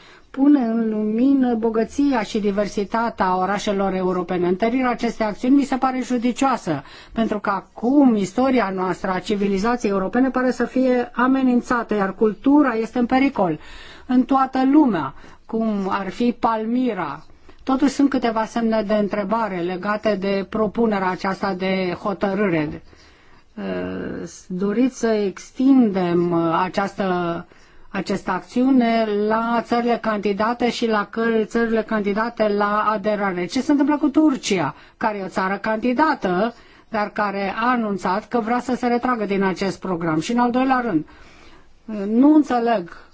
pune în lumină bogăția și diversitatea orașelor europene. Întărirea acestei acțiuni mi se pare judicioasă, pentru că acum istoria noastră a civilizației europene pare să fie amenințată, iar cultura este în pericol în toată lumea, cum ar fi Palmira. Totuși sunt câteva semne de întrebare legate de propunerea aceasta de hotărâre. Doriți să extindem această această acțiune la țările candidate și la țările candidate la aderare. Ce se întâmplă cu Turcia, care e o țară candidată, dar care a anunțat că vrea să se retragă din acest program? Și în al doilea rând, nu înțeleg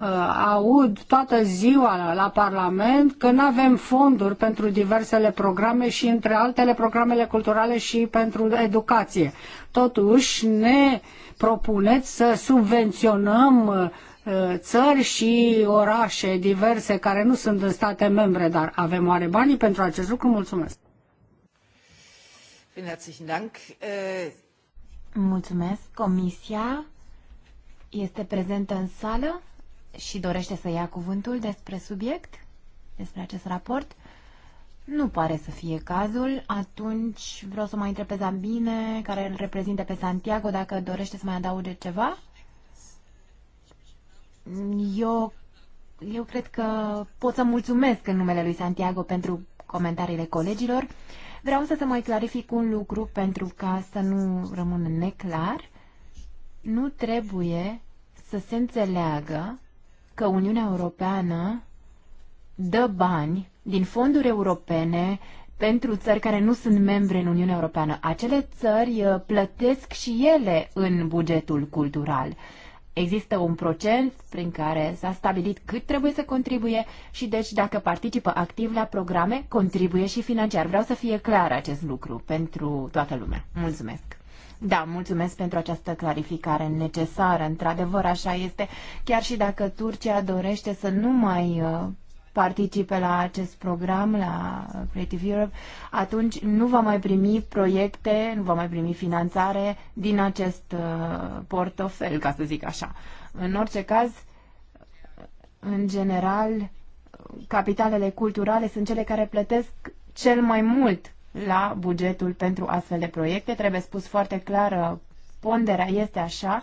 Uh, aud toată ziua la Parlament că nu avem fonduri pentru diversele programe și între altele programele culturale și pentru educație. Totuși ne propuneți să subvenționăm uh, țări și orașe diverse care nu sunt în state membre, dar avem oare banii pentru acest lucru? Mulțumesc! Äh, Mulțumesc! Comisia este prezentă în sală? și dorește să ia cuvântul despre subiect, despre acest raport? Nu pare să fie cazul. Atunci vreau să mai întreb pe Zambine, care îl reprezintă pe Santiago, dacă dorește să mai adauge ceva. Eu, eu cred că pot să mulțumesc în numele lui Santiago pentru comentariile colegilor. Vreau să, să mai clarific un lucru pentru ca să nu rămână neclar. Nu trebuie să se înțeleagă că Uniunea Europeană dă bani din fonduri europene pentru țări care nu sunt membre în Uniunea Europeană. Acele țări uh, plătesc și ele în bugetul cultural. Există un procent prin care s-a stabilit cât trebuie să contribuie și deci dacă participă activ la programe, contribuie și financiar. Vreau să fie clar acest lucru pentru toată lumea. Mulțumesc! Da, mulțumesc pentru această clarificare necesară. Într-adevăr, așa este. Chiar și dacă Turcia dorește să nu mai uh, participe la acest program, la Creative Europe, atunci nu va mai primi proiecte, nu va mai primi finanțare din acest uh, portofel, ca să zic așa. În orice caz, în general, capitalele culturale sunt cele care plătesc cel mai mult la bugetul pentru astfel de proiecte. Trebuie spus foarte clar, uh, ponderea este așa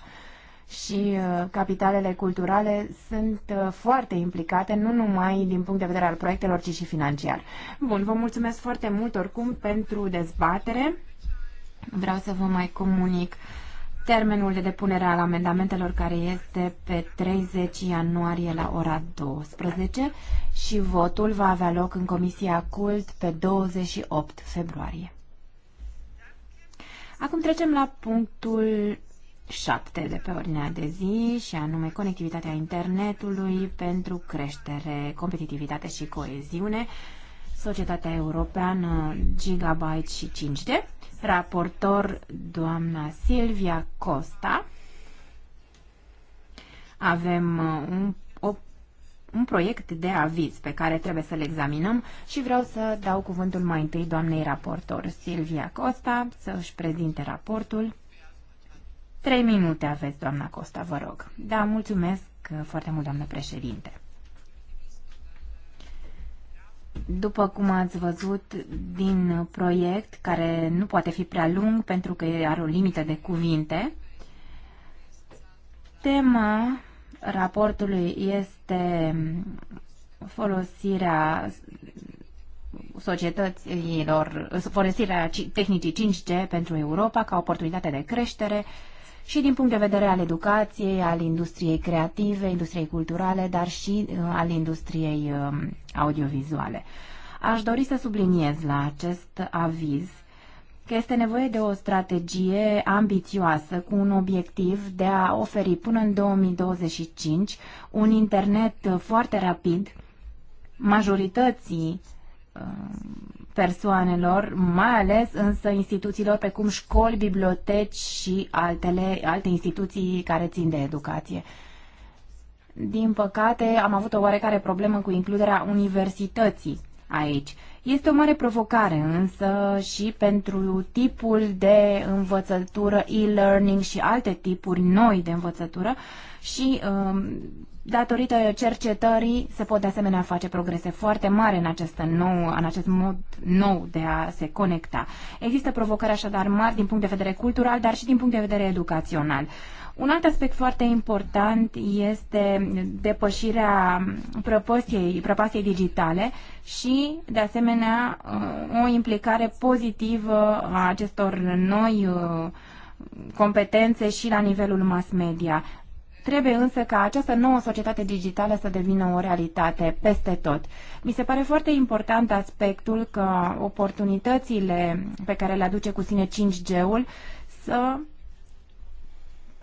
și uh, capitalele culturale sunt uh, foarte implicate, nu numai din punct de vedere al proiectelor, ci și financiar. Bun, vă mulțumesc foarte mult oricum pentru dezbatere. Vreau să vă mai comunic uh, Termenul de depunere al amendamentelor care este pe 30 ianuarie la ora 12 și votul va avea loc în Comisia CULT pe 28 februarie. Acum trecem la punctul 7 de pe ordinea de zi și anume conectivitatea internetului pentru creștere, competitivitate și coeziune. Societatea Europeană Gigabyte și 5 d raportor doamna Silvia Costa. Avem uh, un, o, un proiect de aviz pe care trebuie să-l examinăm și vreau să dau cuvântul mai întâi doamnei raportor Silvia Costa să își prezinte raportul. Trei minute aveți, doamna Costa, vă rog. Da, mulțumesc uh, foarte mult, doamnă președinte. După cum ați văzut din proiect, care nu poate fi prea lung pentru că are o limită de cuvinte, tema raportului este folosirea societăților, folosirea tehnicii 5G pentru Europa ca oportunitate de creștere și din punct de vedere al educației, al industriei creative, industriei culturale, dar și uh, al industriei um, audiovizuale. Aș dori să subliniez la acest aviz că este nevoie de o strategie ambițioasă cu un obiectiv de a oferi până în 2025 un internet uh, foarte rapid majorității uh, persoanelor, mai ales însă instituțiilor precum școli, biblioteci și altele, alte instituții care țin de educație. Din păcate, am avut o oarecare problemă cu includerea universității aici. Este o mare provocare însă și pentru tipul de învățătură, e-learning și alte tipuri noi de învățătură și um, Datorită cercetării se pot de asemenea face progrese foarte mari în, acest nou, în acest mod nou de a se conecta. Există provocări așadar mari din punct de vedere cultural, dar și din punct de vedere educațional. Un alt aspect foarte important este depășirea prăpastiei, prăpastiei digitale și, de asemenea, o implicare pozitivă a acestor noi uh, competențe și la nivelul mass media. Trebuie însă ca această nouă societate digitală să devină o realitate peste tot. Mi se pare foarte important aspectul că oportunitățile pe care le aduce cu sine 5G-ul să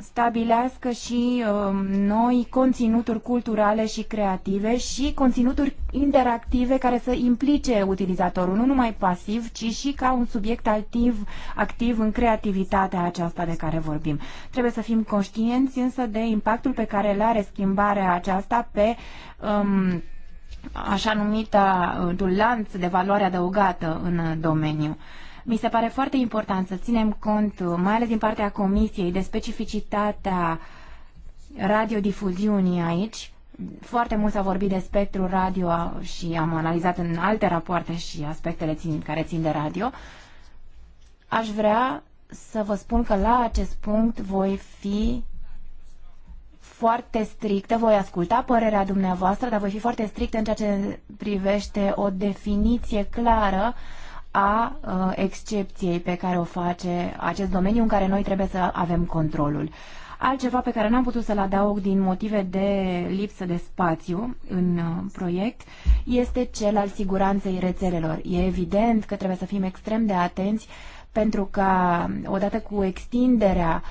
stabilească și um, noi conținuturi culturale și creative și conținuturi interactive care să implice utilizatorul, nu numai pasiv, ci și ca un subiect activ, activ în creativitatea aceasta de care vorbim. Trebuie să fim conștienți însă de impactul pe care îl are schimbarea aceasta pe um, așa numită uh, lanț de valoare adăugată în domeniu. Uh, mi se pare foarte important să ținem cont, mai ales din partea Comisiei, de specificitatea radiodifuziunii aici. Foarte mult s-a vorbit de spectru radio și am analizat în alte rapoarte și aspectele țin, care țin de radio. Aș vrea să vă spun că la acest punct voi fi foarte strictă, voi asculta părerea dumneavoastră, dar voi fi foarte strictă în ceea ce privește o definiție clară a excepției pe care o face acest domeniu în care noi trebuie să avem controlul. Altceva pe care n-am putut să-l adaug din motive de lipsă de spațiu în proiect este cel al siguranței rețelelor. E evident că trebuie să fim extrem de atenți pentru că odată cu extinderea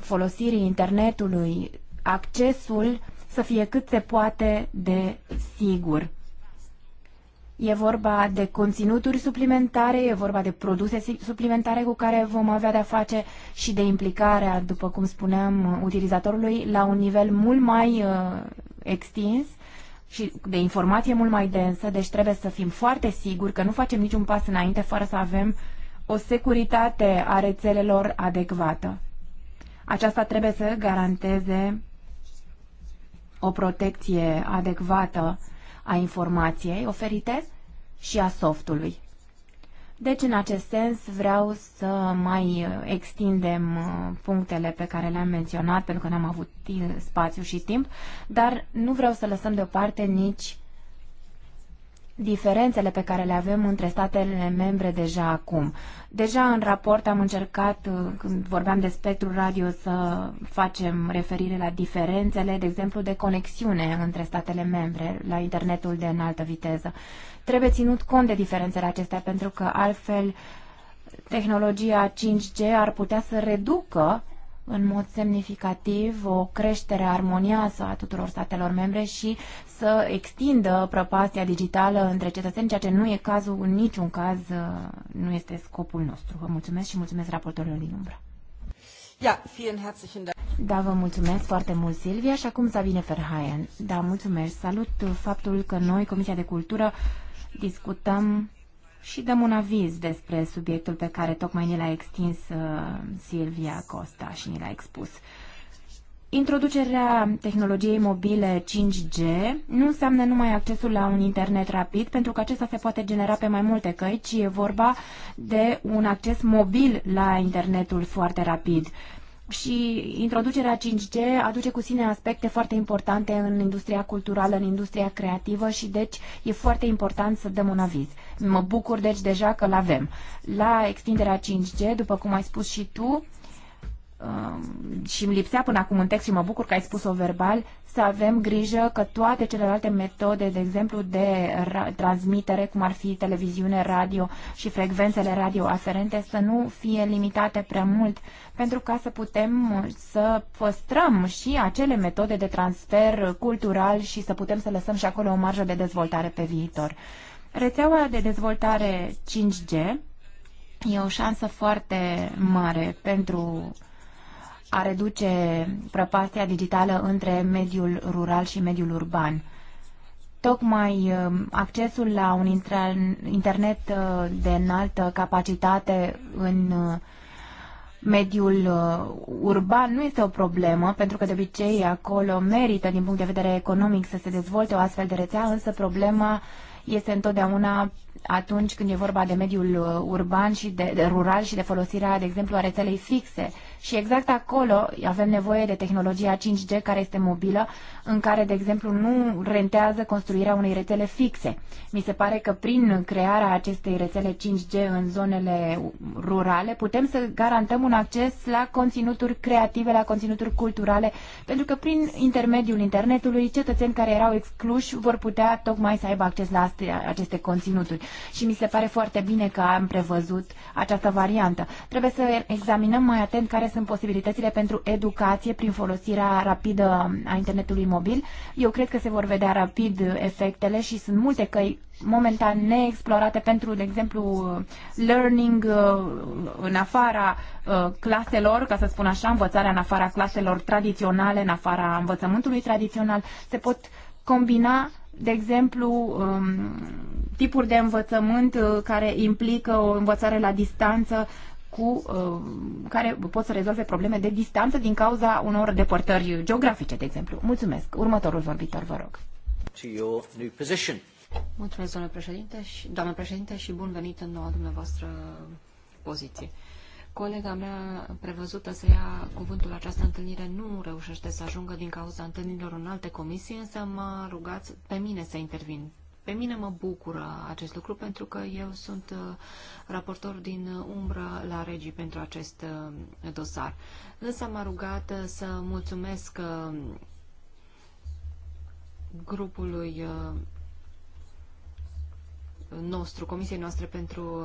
folosirii internetului, accesul să fie cât se poate de sigur. E vorba de conținuturi suplimentare, e vorba de produse suplimentare cu care vom avea de-a face și de implicarea, după cum spuneam, utilizatorului la un nivel mult mai uh, extins și de informație mult mai densă, deci trebuie să fim foarte siguri că nu facem niciun pas înainte fără să avem o securitate a rețelelor adecvată. Aceasta trebuie să garanteze o protecție adecvată a informației oferite și a softului. Deci, în acest sens, vreau să mai extindem uh, punctele pe care le-am menționat, pentru că n-am avut spațiu și timp, dar nu vreau să lăsăm deoparte nici diferențele pe care le avem între statele membre deja acum. Deja în raport am încercat, uh, când vorbeam de spectrul radio, să facem referire la diferențele, de exemplu, de conexiune între statele membre la internetul de înaltă viteză. Trebuie ținut cont de diferențele acestea, pentru că altfel tehnologia 5G ar putea să reducă în mod semnificativ o creștere armonioasă a tuturor statelor membre și să extindă prăpastia digitală între cetățeni, ceea ce nu e cazul, în niciun caz uh, nu este scopul nostru. Vă mulțumesc și mulțumesc raportorilor din umbră. Ja, vielen herzlichen Dank. Da, vă mulțumesc foarte mult, Silvia, și acum Sabine Ferhaien. Da, mulțumesc. Salut faptul că noi, Comisia de Cultură, discutăm și dăm un aviz despre subiectul pe care tocmai ni l-a extins uh, Silvia Costa și ni l-a expus. Introducerea tehnologiei mobile 5G nu înseamnă numai accesul la un internet rapid, pentru că acesta se poate genera pe mai multe căi, ci e vorba de un acces mobil la internetul foarte rapid. Și introducerea 5G aduce cu sine aspecte foarte importante în industria culturală, în industria creativă și deci e foarte important să dăm un aviz. Mă bucur deci deja că l-avem. La extinderea 5G, după cum ai spus și tu, um, și îmi lipsea până acum în text și mă bucur că ai spus-o verbal, să avem grijă că toate celelalte metode, de exemplu, de transmitere, cum ar fi televiziune, radio și frecvențele radio aferente, să nu fie limitate prea mult, pentru ca să putem să păstrăm și acele metode de transfer cultural și să putem să lăsăm și acolo o marjă de dezvoltare pe viitor. Rețeaua de dezvoltare 5G e o șansă foarte mare pentru a reduce prăpastia digitală între mediul rural și mediul urban. Tocmai um, accesul la un internet uh, de înaltă capacitate în uh, mediul uh, urban nu este o problemă, pentru că de obicei acolo merită din punct de vedere economic să se dezvolte o astfel de rețea, însă problema este întotdeauna atunci când e vorba de mediul uh, urban și de, de rural și de folosirea, de exemplu, a rețelei fixe și exact acolo avem nevoie de tehnologia 5G care este mobilă, în care, de exemplu, nu rentează construirea unei rețele fixe. Mi se pare că prin crearea acestei rețele 5G în zonele rurale putem să garantăm un acces la conținuturi creative, la conținuturi culturale, pentru că prin intermediul internetului cetățeni care erau excluși vor putea tocmai să aibă acces la aceste conținuturi. Și mi se pare foarte bine că am prevăzut această variantă. Trebuie să examinăm mai atent care sunt posibilitățile pentru educație prin folosirea rapidă a internetului mobil. Eu cred că se vor vedea rapid efectele și sunt multe căi momentan neexplorate pentru, de exemplu, learning uh, în afara uh, claselor, ca să spun așa, învățarea în afara claselor tradiționale, în afara învățământului tradițional. Se pot combina de exemplu, um, tipuri de învățământ uh, care implică o învățare la distanță cu, uh, care pot să rezolve probleme de distanță din cauza unor depărtări geografice, de exemplu. Mulțumesc. Următorul vorbitor, vă rog. To your new position. Mulțumesc, domnule președinte și, doamnă președinte, și bun venit în noua dumneavoastră poziție. Colega mea prevăzută să ia cuvântul la această întâlnire nu reușește să ajungă din cauza întâlnirilor în alte comisii, însă m-a rugat pe mine să intervin pe mine mă bucură acest lucru pentru că eu sunt uh, raportor din umbră la regii pentru acest uh, dosar. Însă m-a rugat uh, să mulțumesc grupului nostru, comisiei noastre pentru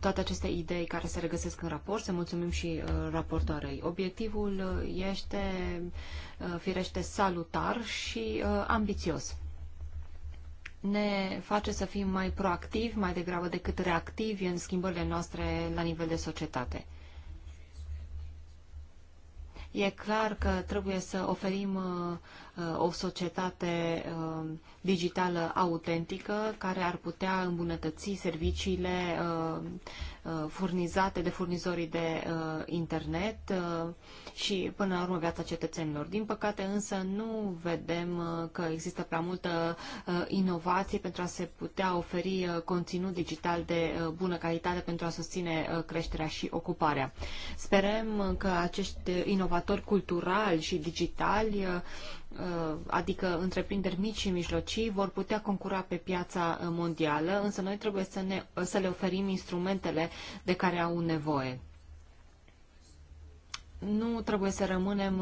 toate aceste idei care se regăsesc în raport, să mulțumim și raportoarei. Obiectivul este firește salutar și ambițios ne face să fim mai proactivi, mai degrabă decât reactivi în schimbările noastre la nivel de societate. E clar că trebuie să oferim uh, o societate uh, digitală autentică care ar putea îmbunătăți serviciile uh, uh, furnizate de furnizorii de internet și până la urmă viața cetățenilor. Din păcate însă nu vedem că există prea multă inovație pentru a se putea oferi conținut digital de bună calitate pentru a susține creșterea și ocuparea. Sperăm că acești inovatori culturali și digitali Uh, adică întreprinderi mici și mijlocii, vor putea concura pe piața uh, mondială, însă noi trebuie să, ne, uh, să le oferim instrumentele de care au nevoie nu trebuie să rămânem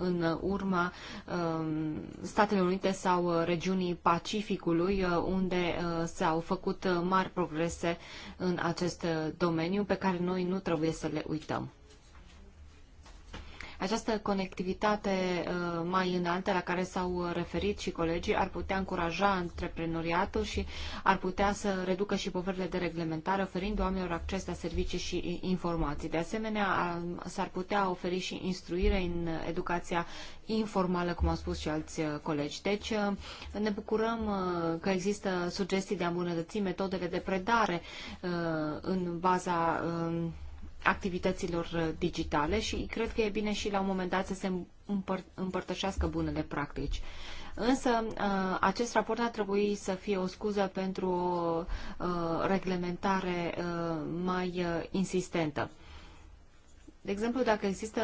în urma um, Statele Unite sau regiunii Pacificului, unde s-au făcut mari progrese în acest domeniu pe care noi nu trebuie să le uităm. Această conectivitate uh, mai înaltă la care s-au referit și colegii ar putea încuraja antreprenoriatul și ar putea să reducă și poverile de reglementare, oferind oamenilor acces la servicii și informații. De asemenea, s-ar putea oferi și instruire în educația informală, cum au spus și alți uh, colegi. Deci uh, ne bucurăm că există sugestii de a îmbunătăți metodele de predare în baza activităților uh, digitale și cred că e bine și la un moment dat să se împăr- împărtășească bunele practici. Însă uh, acest raport ar trebui să fie o scuză pentru o uh, reglementare mai insistentă. De exemplu, dacă există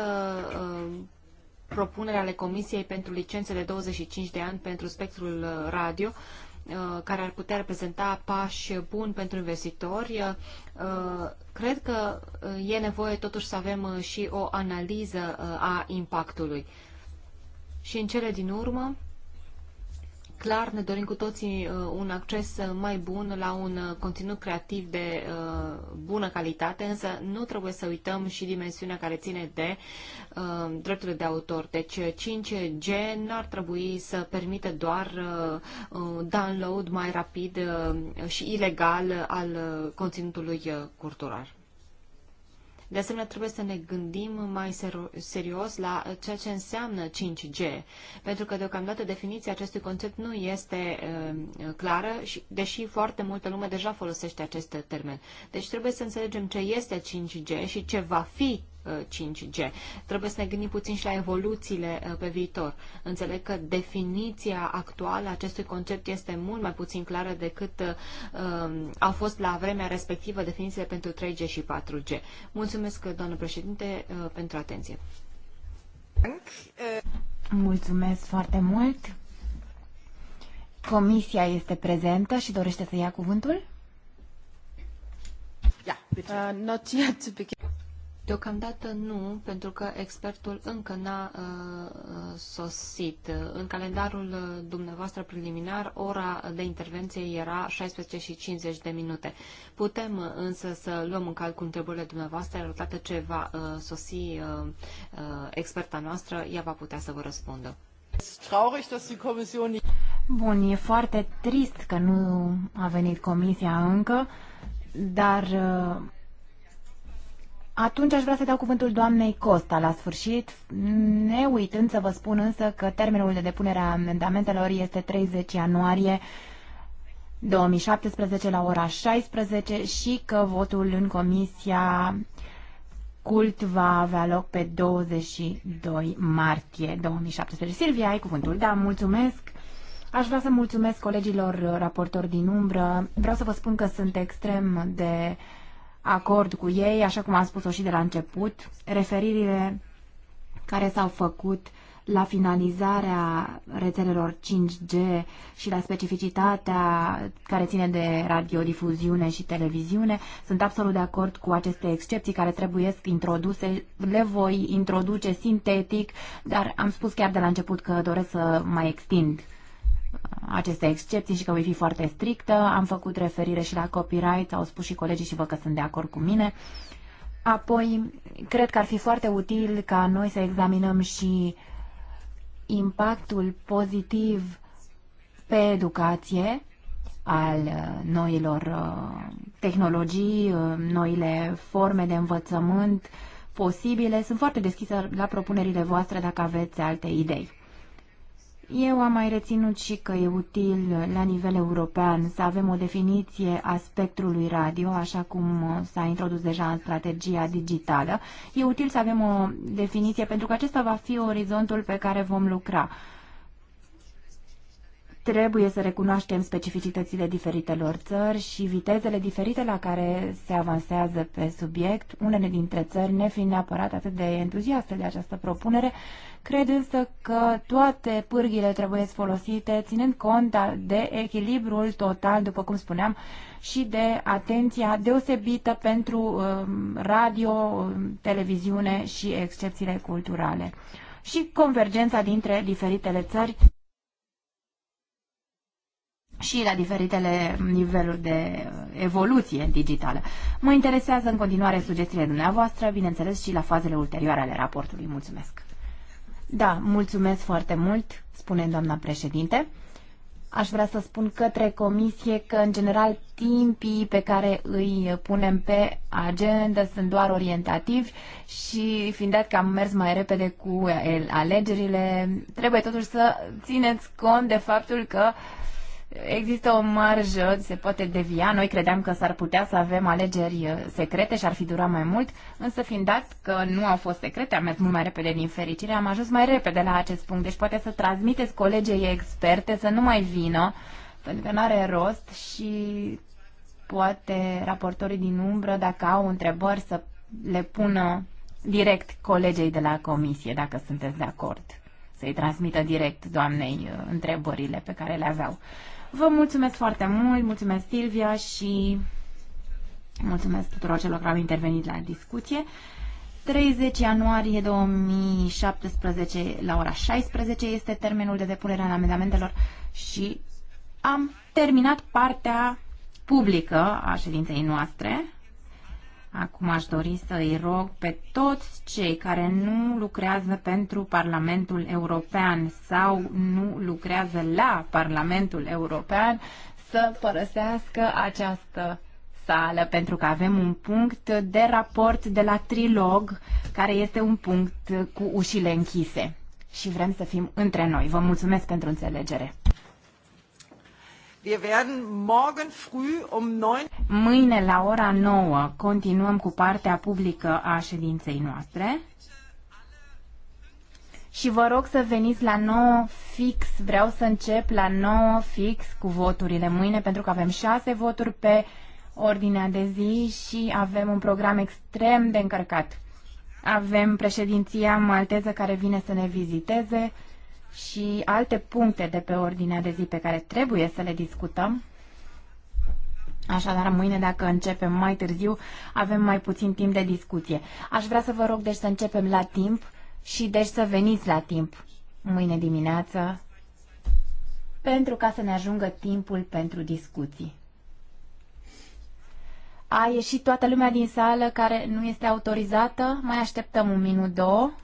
propunerea ale Comisiei pentru licențele 25 de ani pentru spectrul radio, Uh, care ar putea reprezenta pași buni pentru investitori. Uh, cred că uh, e nevoie totuși să avem și o analiză a impactului. Și în cele din urmă, clar ne dorim cu toții uh, un acces mai bun la un uh, conținut creativ de uh, bună calitate, însă nu trebuie să uităm și dimensiunea care ține de drepturile de autor. Deci 5G nu ar trebui să permită doar download mai rapid și ilegal al conținutului cultural. De asemenea, trebuie să ne gândim mai serios la ceea ce înseamnă 5G, pentru că deocamdată definiția acestui concept nu este uh, clară, deși foarte multă lume deja folosește acest termen. Deci trebuie să înțelegem ce este 5G și ce va fi 5G. Trebuie să ne gândim puțin și la evoluțiile uh, pe viitor. Înțeleg că definiția actuală a acestui concept este mult mai puțin clară decât uh, au fost la vremea respectivă definițiile pentru 3G și 4G. Mulțumesc, doamnă președinte, uh, pentru atenție. Mulțumesc foarte mult. Comisia este prezentă și dorește să ia cuvântul? Yeah, uh, not yet Deocamdată nu, pentru că expertul încă n-a uh, sosit. În calendarul uh, dumneavoastră preliminar, ora de intervenție era 16 și 50 de minute. Putem uh, însă să luăm în calcul întrebările dumneavoastră, odată ce va uh, sosi uh, uh, experta noastră, ea va putea să vă răspundă. Bun, e foarte trist că nu a venit comisia încă, dar uh, atunci aș vrea să dau cuvântul doamnei Costa la sfârșit, ne uitând să vă spun însă că termenul de depunere a amendamentelor este 30 ianuarie 2017 la ora 16 și că votul în Comisia Cult va avea loc pe 22 martie 2017. Silvia, ai cuvântul. Da, mulțumesc. Aș vrea să mulțumesc colegilor raportori din umbră. Vreau să vă spun că sunt extrem de uh, acord cu ei, așa cum am spus-o și de la început, referirile care s-au făcut la finalizarea rețelelor 5G și la specificitatea care ține de radiodifuziune și televiziune. Sunt absolut de acord cu aceste excepții care trebuie introduse. Le voi introduce sintetic, dar am spus chiar de la început că doresc să mai extind aceste excepții și că voi fi foarte strictă. Am făcut referire și la copyright, au spus și colegii și vă că sunt de acord cu mine. Apoi, cred că ar fi foarte util ca noi să examinăm și impactul pozitiv pe educație al uh, noilor uh, tehnologii, uh, noile forme de învățământ posibile. Sunt foarte deschisă la propunerile voastre dacă aveți alte idei. Eu am mai reținut și că e util la nivel european să avem o definiție a spectrului radio, așa cum uh, s-a introdus deja în strategia digitală. E util să avem o definiție pentru că acesta va fi orizontul pe care vom lucra. Trebuie să recunoaștem specificitățile diferitelor țări și vitezele diferite la care se avansează pe subiect, unele dintre țări nefiind neapărat atât de entuziaste de această propunere, cred însă că toate pârghile trebuie folosite ținând cont de echilibrul total, după cum spuneam, și de atenția deosebită pentru um, radio, um, televiziune și excepțiile culturale și convergența dintre diferitele țări și la diferitele niveluri de evoluție digitală. Mă interesează în continuare sugestiile dumneavoastră, bineînțeles și la fazele ulterioare ale raportului. Mulțumesc! Da, mulțumesc foarte mult, spune doamna președinte. Aș vrea să spun către comisie că, în general, timpii pe care îi punem pe agenda sunt doar orientativi și, fiind dat că am mers mai repede cu alegerile, trebuie totuși să țineți cont de faptul că uh, Există o marjă, se poate devia. Noi credeam că s-ar putea să avem alegeri uh, secrete și ar fi durat mai mult, însă fiind dat că nu au fost secrete, am mers mult mai repede din fericire, am ajuns mai repede la acest punct. Deci poate să transmiteți colegii experte să nu mai vină, pentru că nu are rost și poate raportorii din umbră, dacă au întrebări, să le pună direct colegei de la comisie, dacă sunteți de acord. Să-i transmită direct doamnei uh, întrebările pe care le aveau. Vă mulțumesc foarte mult, mulțumesc Silvia și mulțumesc tuturor celor care au intervenit la discuție. 30 ianuarie 2017 la ora 16 este termenul de depunere al amendamentelor și am terminat partea publică a ședinței noastre. Acum aș dori să îi rog pe toți cei care nu lucrează pentru Parlamentul European sau nu lucrează la Parlamentul European să părăsească această sală pentru că avem un punct de raport de la trilog care este un punct cu ușile închise și vrem să fim între noi. Vă mulțumesc pentru înțelegere. Um mâine la ora 9 continuăm cu partea publică a ședinței noastre. Și vă rog să veniți la 9 fix, vreau să încep la 9 fix cu voturile mâine, pentru că avem 6 voturi pe ordinea de zi și avem un program extrem de încărcat. Avem președinția malteză care vine să ne viziteze, și alte puncte de pe ordinea de zi pe care trebuie să le discutăm. Așadar, mâine, dacă începem mai târziu, avem mai puțin timp de discuție. Aș vrea să vă rog, deci, să începem la timp și, deci, să veniți la timp mâine dimineață pentru ca să ne ajungă timpul pentru discuții. A ieșit toată lumea din sală care nu este autorizată. Mai așteptăm un minut, două.